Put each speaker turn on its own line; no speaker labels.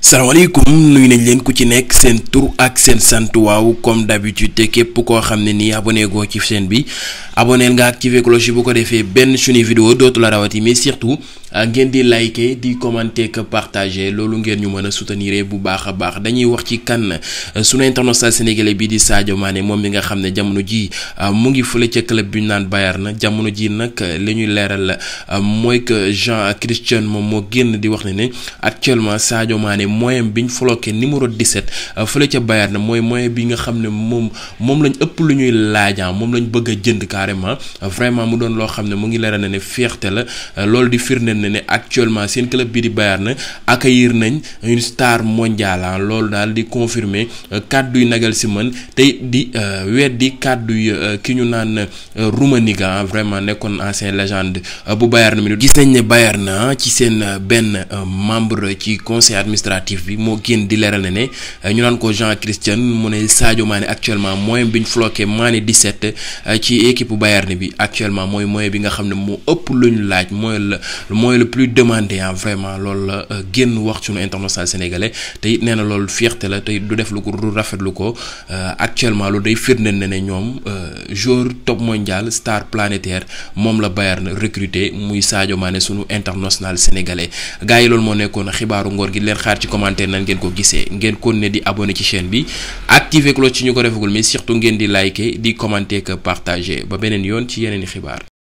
salaamaaleykum nuyu nañ leen ku ci nekk seen tur ak seen sant waaw comme d'habitude te képp koo xam ne nii abonné goo ci seen bi abonné nga activé cloche bu ko defee benn suñu vidéo dootu la rawati mais surtout ah, ngeen di liker di commenter que partager loolu ngeen ñu mën a soutenir bu baax a baax dañuy wax ci kan ah, sunu international sénégalais bi di Sadio Mané moom mi nga xam ne jamono ji ah, mu ngi fële ca club bi ñu naan Bayern na jamono ji nag li ñuy leeral mooy que Jean Christian moom moo génn di wax na ne actuellement Sadio Mané moyen bi ñu floqué numéro 17 euh, fële ca Bayern na mooy moyen bi nga xam ne moom moom lañ ëpp lu ñuy laajaan ah, moom lañ bëgg a jënd carrément vraiment mu doon loo xam ne mu ngi leeral na ne fierté la euh, loolu di firnde na ne actuellement seen club bi di Bayern na yiir nañ une star mondiale ah loolu daal di confirmer euh, kàddu yu nagal si man tey di weddi kàddu yi ki ñu naan Rumaniga ah, vraiment nekkoon ancien légende bu na mi gis nañ ne bayar ah, na ci seen benn membre ci conseil administratif. administratif bi moo génn di leeral ne ne euh, ñu naan ko Jean Christian mu ne Sadio Mané actuellement moyen bi ñu floqué Mané 17 euh, ci équipe Bayern bi actuellement mooy moyen bi nga xam ne moo ëpp lu laaj mooy la mooy le plus demandé ah vraiment lool la euh, génn wax suñu international sénégalais te it nee na loolu fierté la te du def lu ko du rafetlu ko actuellement loolu day firndeel na ne ñoom jour top mondial star planétaire moom la Bayern recruté muy Sadio Mané sunu international sénégalais loolu moo nekkoon xibaaru ngoor gi leen xaar ci. ci commentaire nan ngeen ko gisee ngeen kon ne di abonné ci chaîne bi activer cloche ci ñu ko defagul mais surtout ngeen di liker di commenter que partager ba beneen yoon ci yeneen i xibaar